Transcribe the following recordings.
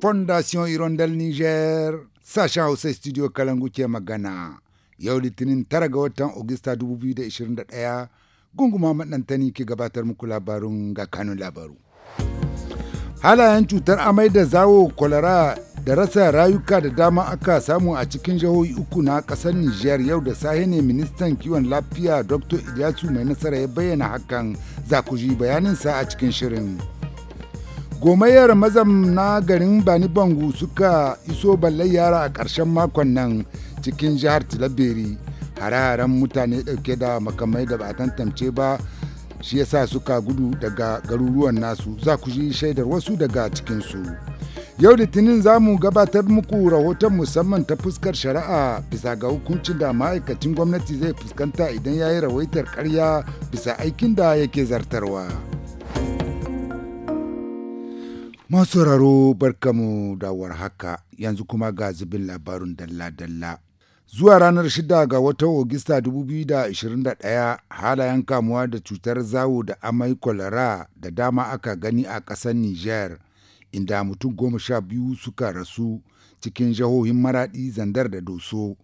fondation irondel niger sacha hausa studio kalangu ke magana yau litinin tara ga watan augusta 2021 gunguma maɗantani ke gabatar muku labarun ga kanun labaru halayen cutar amai da zawo kwalara da rasa rayuka da dama aka samu a cikin jihohi uku na ƙasar niger yau da sahi ne ministan kiwon lafiya dr ilyasu mai nasara ya bayyana hakan za ku bayanin bayaninsa a cikin shirin gomayar na garin bani bangu suka iso ballai yara a ƙarshen makon nan cikin jihar tilaberi hare-haren mutane ɗauke da makamai da ba a tantance ba shi yasa suka gudu daga garuruwan nasu za ku ji shaidar wasu daga cikinsu yau litinin za mu gabatar muku rahoton musamman ta fuskar shari'a bisa ga hukuncin da ma'aikacin gwamnati zai fuskanta idan ya yi rawaitar karya bisa aikin da yake zartarwa. Masauraro barkamu da haka yanzu kuma ga zubin labarun dalla-dalla. Zuwa ranar shida ga watan Ogista 2021 halayen kamuwa da cutar zawo da amai kwalara da dama aka gani a ƙasar niger inda mutum goma sha biyu suka rasu cikin jihohin maraɗi zandar da doso.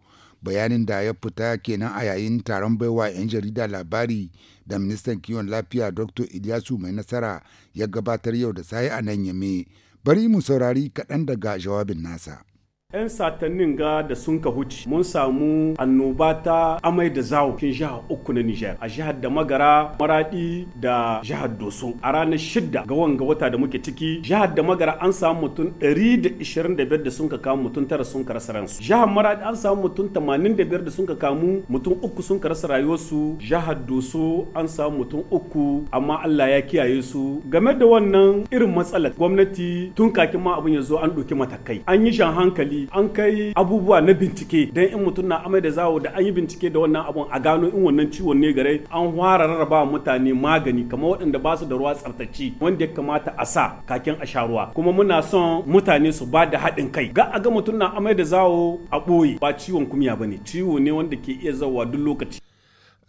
bayanin da ya fita kenan a yayin taron baiwa 'yan jarida labari da ministan kiwon lafiya dr ilyasu mai nasara ya gabatar yau da sai a nan yame bari mu saurari kaɗan daga jawabin nasa 'yan satannin ga da sun ka huce mun samu annoba ta amai da zawo cikin jihar uku na Nijar a jihar da magara maradi da jihar Doso a ranar shidda ga wanga wata da muke ciki jihar da magara an samu mutum 125 da sun ka kamu mutum tara sun ka rasa ransu jihar maradi an samu mutum 85 da sun ka kamu mutum uku sun ka rasa rayuwarsu jihar Doso an samu mutum uku amma Allah ya kiyaye su game da wannan irin matsalar gwamnati tun kakin ma abin ya zo an ɗauki matakai an yi shan hankali hankali an kai abubuwa na bincike dan in mutum na amai da zawo da an yi bincike da wannan abun a gano in wannan ciwon ne gare an fara rarraba mutane magani kamar waɗanda ba su da ruwa tsartaci wanda ya kamata a sa kakin a sha ruwa kuma muna son mutane su ba da haɗin kai ga a ga mutum na amai da zawo a ɓoye ba ciwon kumya ba ne ciwo ne wanda ke iya zawa duk lokaci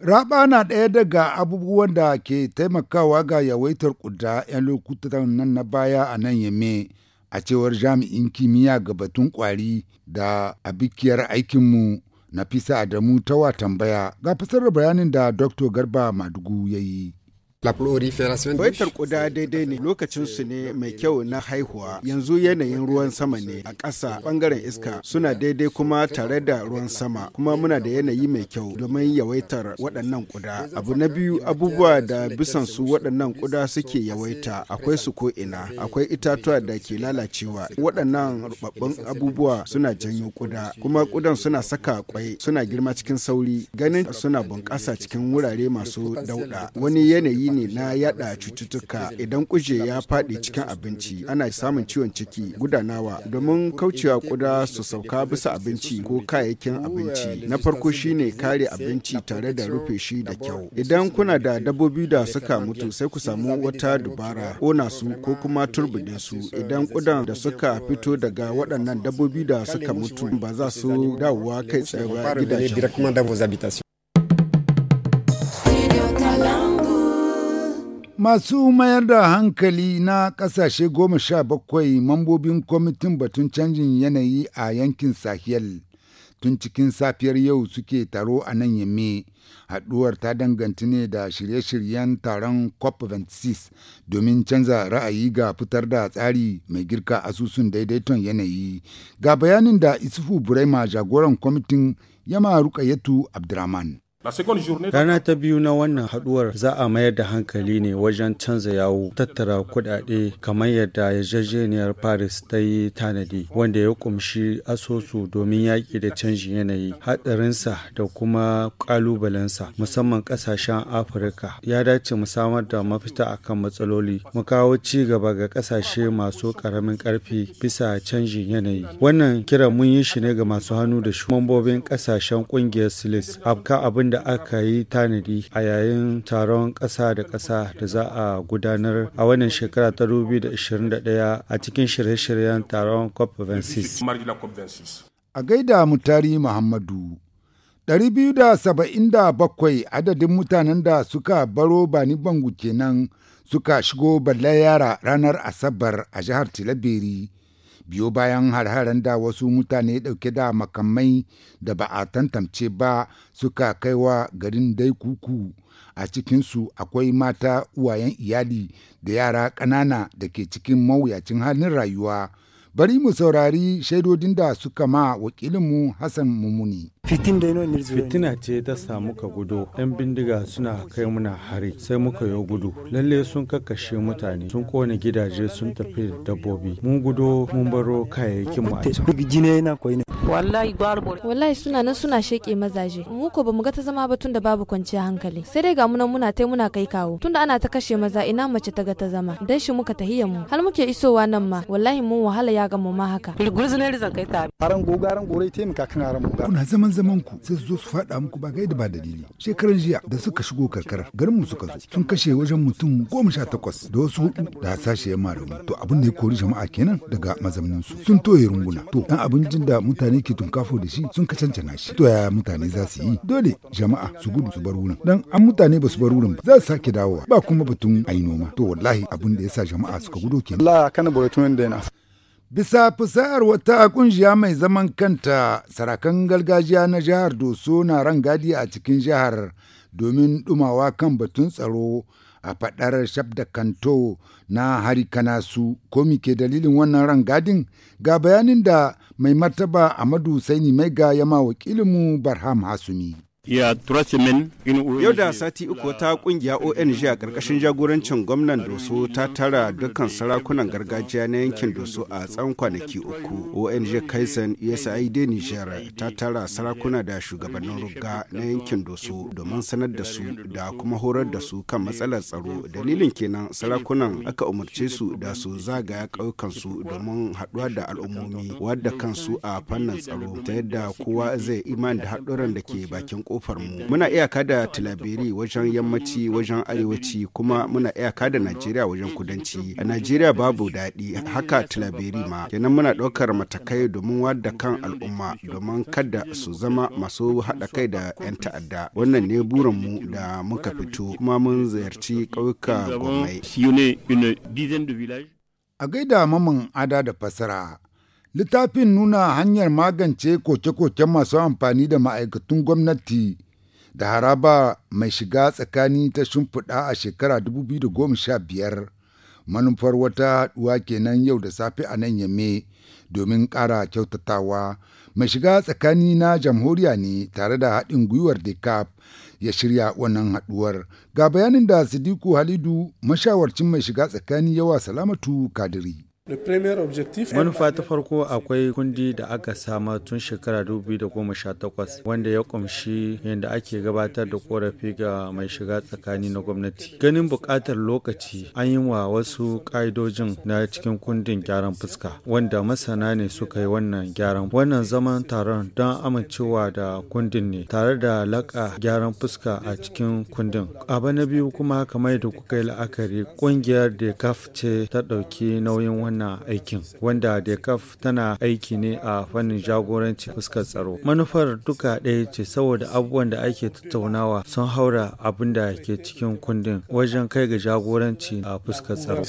Raba na ɗaya daga abubuwan da ke taimakawa ga yawaitar ƙuda 'yan lokutan nan na baya a nan yame. a cewar jami'in kimiyya ga batun kwari da abikiyar aikinmu na fisa adamu wa tambaya ga fasarar bayanin da dr garba madugu ya yi Baitar kuda daidai ne lokacin su ne mai kyau na haihuwa yanzu yanayin ruwan sama ne a ƙasa ɓangaren iska suna daidai kuma tare da ruwan sama kuma muna da yanayi mai kyau domin yawaitar waɗannan kuda. Abu na biyu abubuwa da bisan su waɗannan kuda suke yawaita akwai su ko ina akwai itatuwa da ke lalacewa waɗannan rubabbun abubuwa suna janyo kuda kuma kudan suna saka kwai suna girma cikin sauri ganin suna bunƙasa cikin wurare masu dauɗa wani yanayi shine na yada cututtuka idan kuje ya faɗi cikin abinci ana samun ciwon ciki gudanawa domin kaucewa kuda su sauka bisa abinci ko kayayyakin abinci na farko shine kare abinci tare da rufe shi da kyau idan kuna da dabbobi da suka mutu sai ku samu wata dubara ƙona su ko kuma turbide su idan kudan da suka fito daga waɗannan dabbobi da suka mutu ba za su dawowa kai tsaye ba gidajen Masu mayar da hankali na ƙasashe goma sha bakwai mambobin kwamitin batun canjin yanayi a yankin Sahel tun cikin safiyar yau suke taro a nan yamme. Haɗuwar ta danganci ne da shirye-shiryen taron COP26 domin canza ra'ayi ga fitar da tsari mai girka asusun daidaiton yanayi. Ga bayanin da Isufu Burema jagoran kwamitin Yama Rukayetu Abdurrahman. Rana ta biyu na wannan haduwar za a mayar da hankali ne wajen canza yawo tattara kudade kamar yadda yarjejeniyar Paris ta yi tanadi wanda ya kumshi asusu domin yaƙi da canjin yanayi haɗarinsa da kuma ƙalubalensa musamman ƙasashen Afirka ya dace mu samar da mafita a kan matsaloli mu kawo ci gaba ga ƙasashe masu ƙaramin ƙarfi bisa canjin yanayi wannan kira mun yi shi ne ga masu hannu da shi mambobin ƙasashen ƙungiyar Silis abka abin da aka yi tanadi a yayin taron ƙasa da ƙasa da za a gudanar a wannan shekara ta 2021 a cikin shirye-shiryen taron cop 26 a gaida mutari muhammadu 277 adadin mutanen da suka baro bani bangu kenan suka shigo balla ranar asabar a jihar tilabiri biyo bayan har da wasu mutane dauke da makamai da ba a tantance ba suka kaiwa garin dai kuku a cikinsu akwai mata uwayen iyali da yara ƙanana da ke cikin mawuyacin halin rayuwa Bari mu saurari shaidodin da suka ma wakilinmu Hassan Mumuni. Fitina ce ta samu ka gudu, 'yan bindiga suna kai muna hari sai muka yi gudu. Lalle sun kakkashe mutane, sun kone gidaje sun tafi da dabbobi. Mun gudu mun baro kayayyakin mu a Wallahi suna nan suna sheke mazaje. Mu ko bamu ga ta zama ba tunda babu kwanciyar hankali. Sai dai ga mu nan muna tai muna kai kawo. Tunda ana ta kashe maza ina mace ta ga ta zama. Dan shi muka tahiya mu. Har muke isowa nan ma. Wallahi mun wahala ya ga mu ma haka gurzunar zan kai ta aran gogaran gore taimaka kan aran goga. kuna zaman zaman ku sai su zo su faɗa muku ba gaida ba dalili shekaran jiya da suka shigo karkara garin mu suka zo sun kashe wajen mutum goma sha takwas da wasu hudu da sashe yamma da to abin da ya kori jama'a kenan daga mazamnin su sun toye runguna to dan abincin da mutane ke tunkafo da shi sun kacancana shi to yaya mutane za su yi dole jama'a su gudu su bar wurin dan an mutane ba su bar wurin ba za su sake dawowa ba kuma batun ayi noma to wallahi abin da yasa jama'a suka gudu kenan Allah kana boratun yana Bisa fusa'ar wata kungiya mai zaman kanta sarakan gargajiya na jihar Doso na rangadi a cikin jihar domin dumawa kan batun tsaro a fadar shabda kanto na harikanasu ko ke dalilin wannan rangadin ga bayanin da mai martaba Amadu Saini Maiga ya ma wakilinmu Barham Hasumi. Yau da sati uku wata kungiya ONG a ƙarƙashin jagorancin gwamnan Doso ta tara dukkan sarakunan gargajiya na yankin Doso a tsawon kwanaki uku. ONG Kaisan USAID e Niger ta tara sarakuna da shugabannin ruga na yankin Doso domin sanar da su da kuma horar da su kan matsalar tsaro. Dalilin kenan sarakunan aka umarce su da su zagaya su domin haɗuwa da al'ummomi wadda kansu a fannin tsaro ta yadda kowa zai iman da haɗuran da ke bakin ƙofa. kofar mu muna iyaka da tilabiri wajen yammaci wajen arewaci kuma muna iyaka da najeriya wajen kudanci a najeriya babu daɗi haka tilabiri ma kenan muna ɗaukar matakai domin wadda kan al'umma domin kada su zama masu haɗa kai da 'yan ta'adda wannan ne burin mu da muka fito kuma mun ziyarci ƙauyuka gwamnati a gaida maman ada da fasara Littafin nuna hanyar magance koke-koken masu amfani da ma'aikatun gwamnati da haraba mai shiga tsakani ta shimfiɗa a shekara 2015 manufar wata haɗuwa kenan yau da safe a nan yame domin ƙara kyautatawa. Mai shiga tsakani na jamhuriya ne tare da haɗin gwiwar DECAP ya shirya wannan haɗuwar. Ga bayanin da Sidiku Halidu mashawarcin mai shiga tsakani yawa Salamatu Kadiri. Manufa ta farko akwai kundi da aka sama tun shekara 2018 wanda ya kumshi yadda ake gabatar da korafi ga mai shiga tsakani na gwamnati. Ganin bukatar lokaci an yi wa wasu ƙa'idojin na cikin kundin gyaran fuska wanda masana ne suka yi wannan gyaran. Wannan zaman taron don amincewa da kundin ne tare da laka gyaran fuska a cikin kundin. Abu na biyu kuma kamar da kuka yi la'akari ƙungiyar da ce ta ɗauki nauyin wannan wannan aikin wanda dekaf tana aiki ne a fannin jagoranci fuskar tsaro manufar duka ɗaya ce saboda abubuwan da ake tattaunawa sun haura abin da ke cikin kundin wajen kai ga jagoranci a fuskar tsaro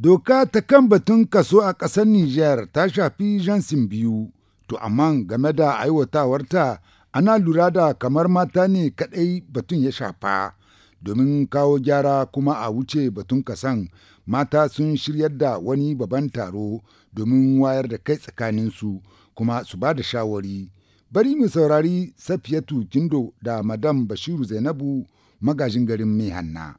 Doka ta kan batun kaso a ƙasar Nijar ta shafi jansin biyu, to amma game da aiwatawarta ana lura da kamar mata ne kaɗai batun ya shafa. domin kawo gyara kuma a wuce batun kasan mata sun shiryar da wani babban taro domin wayar da kai tsakaninsu kuma su ba da shawari bari mu saurari safiyatu jindo da madam bashiru zainabu magajin garin mai hanna.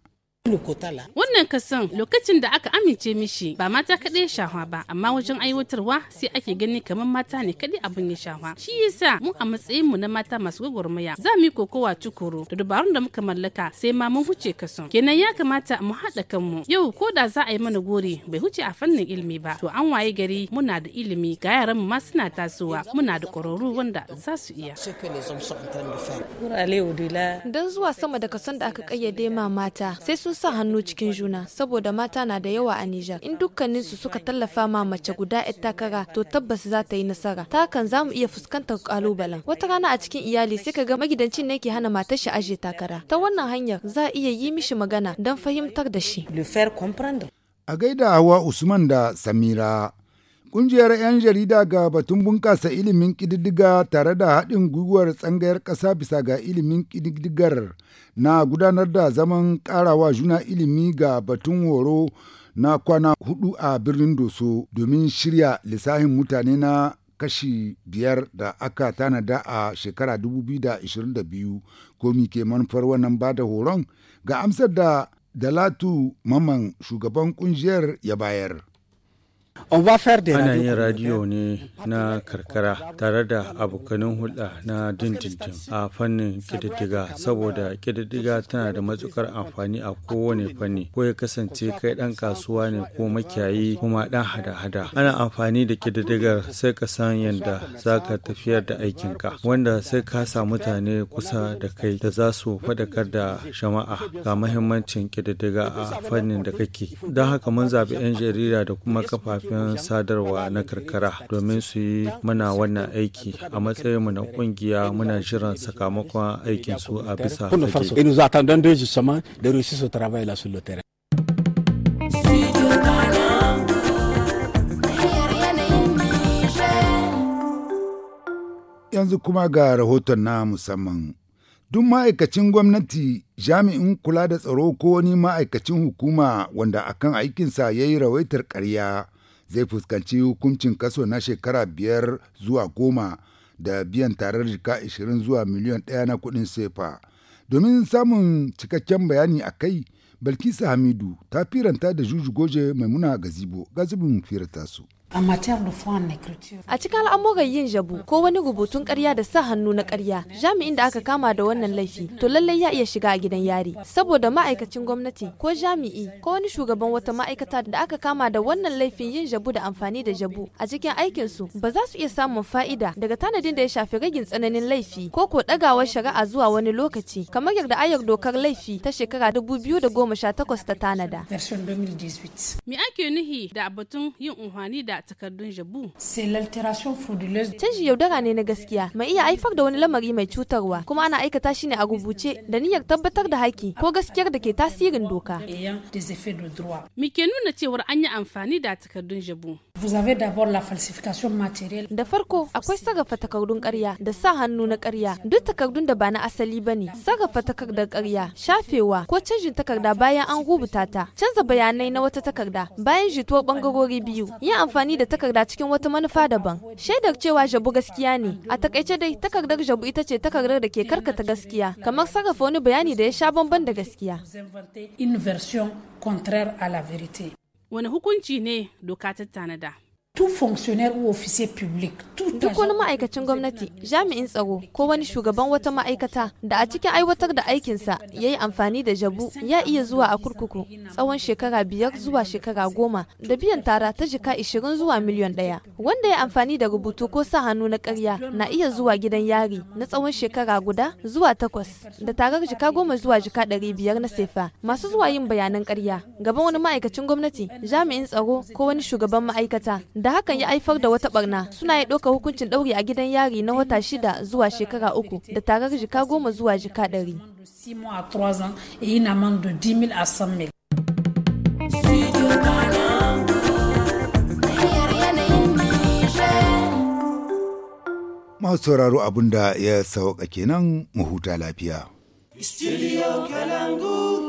Wannan kasan lokacin da aka amince mishi ba mata kaɗai shahwa ba amma wajen aiwatarwa sai ake gani kamar mata ne kaɗai abin ya shahwa. Shi yasa mu a matsayin mu na mata masu gwagwarmaya za mu yi kokowa tukuru da dabarun da muka mallaka sai ma mun huce kason. Kenan ya kamata mu haɗa kanmu yau ko da za a yi mana gori bai huce a fannin ilimi ba to an waye gari muna da ilimi ga yaran mu ma suna tasowa muna da kwararru wanda za su iya. Don zuwa sama da kason da aka kayyade ma mata sai sun sa hannu cikin juna. juna saboda mata na da yawa a Nijar. In dukkanin su suka tallafa ma mace guda yar takara to tabbas za ta yi nasara. Ta kan za mu iya fuskantar kalubalen. Wata rana a cikin iyali sai ka ga magidancin ne ke hana matar shi aje takara. Ta wannan hanyar za a iya yi mishi magana don fahimtar da shi. A gaida hawa Usman da Samira Ƙungiyar 'yan jarida ga batun bunƙasa ilimin ƙididdiga tare da haɗin gwiwar tsangayar ƙasa bisa ga ilimin ƙididdigar na gudanar da zaman ƙarawa juna ilimi ga batun horo na kwana hudu a birnin Doso domin shirya lissafin mutane na kashi biyar da aka tanada a shekara 2022 komi ke manufar wannan bada horon ga amsar da dalatu maman shugaban ƙungiyar ya bayar. Ana yin radiyo ne na karkara tare da abokanin hulɗa na dindindin a fannin ƙididdiga saboda ƙididdiga tana da matukar amfani a kowane fanni ko ya kasance kai ɗan kasuwa ne ko makiyayi kuma ɗan hada-hada. Ana amfani da ƙididdigar sai ka san yadda za ka tafiyar da aikinka wanda sai ka sa mutane kusa da kai da za su faɗakar da jama'a ga mahimmancin ƙididdiga a fannin da kake. Don haka mun zaɓi 'yan jarida da kuma kafafen kafofin sadarwa na karkara domin su yi mana wannan aiki a matsayin mu na kungiya muna jiran sakamakon aikin su a bisa yanzu kuma ga rahoton na musamman. Duk ma'aikacin gwamnati jami'in kula da tsaro ko wani ma'aikacin hukuma wanda akan aikinsa ya yi rawaitar karya. zai fuskanci hukuncin kaso na shekara biyar zuwa goma da biyan tarar jika 20 zuwa miliyan ɗaya na kuɗin sefa. Domin samun cikakken bayani a kai, Balkisa Hamidu ta firanta da Juju Goje Maimuna Gazibo, gazibin firata su. A cikin al'amuran yin jabu ko wani rubutun karya da sa hannu na karya jami'in da aka kama da wannan laifi to lallai ya iya shiga a gidan yari saboda ma'aikacin gwamnati ko jami'i ko wani shugaban wata ma'aikata da aka kama da wannan laifin yin jabu da amfani da jabu a cikin aikin su ba za su iya samun fa'ida daga tanadin da ya shafi ragin tsananin laifi ko ko dagawar shari'a zuwa wani lokaci kamar yadda ayar dokar laifi ta shekara biyu da goma sha 2018 ta tanada. Me ake nuhi da batun yin unhwani da a takardun jabu. Canji yaudara ne na gaskiya mai iya haifar da wani lamari mai cutarwa kuma ana aikata shi ne a rubuce da niyyar tabbatar da haƙƙi ko gaskiyar da ke tasirin doka. mike nuna cewar an yi amfani da takardun jabu? la falsification matérielle. Da farko akwai sagafa takardun ƙarya da sa hannu na ƙarya duk takardun da ba na asali ba ne. Sagafa takardar ƙarya, shafewa ko canjin takarda bayan an rubuta ta, canza bayanai na wata takarda bayan jituwar bangarori biyu, yin amfani da takarda cikin wata manufa daban. Shaidar cewa jabu gaskiya ne, a takaice dai takardar jabu ita ce takardar da ke karkata gaskiya, kamar sarrafa wani bayani da ya sha bamban da gaskiya. Une version contraire à la vérité. wani hukunci ne doka ta tanada tout duk wani ma'aikacin gwamnati jami'in tsaro ko wani shugaban wata ma'aikata da a cikin aiwatar da aikinsa ya yi amfani da jabu ya iya zuwa a kurkuku tsawon shekara biyar zuwa shekara goma da biyan tara ta jika ishirin zuwa miliyon ɗaya wanda ya amfani da rubutu ko sa hannu na karya na iya zuwa gidan yari na tsawon shekara guda zuwa takwas da tarar jika goma zuwa jika ɗari biyar na sefa masu zuwa yin bayanan karya gaban wani ma'aikacin gwamnati jami'in tsaro ko wani shugaban ma'aikata da da hakan ya haifar da wata barna suna ya ɗauka hukuncin ɗauri a gidan yari na wata shida zuwa shekara uku da tarar jika goma zuwa jika ɗari. Masu sauraro abun da ya sauka kenan mu huta lafiya. Studio Kalangu.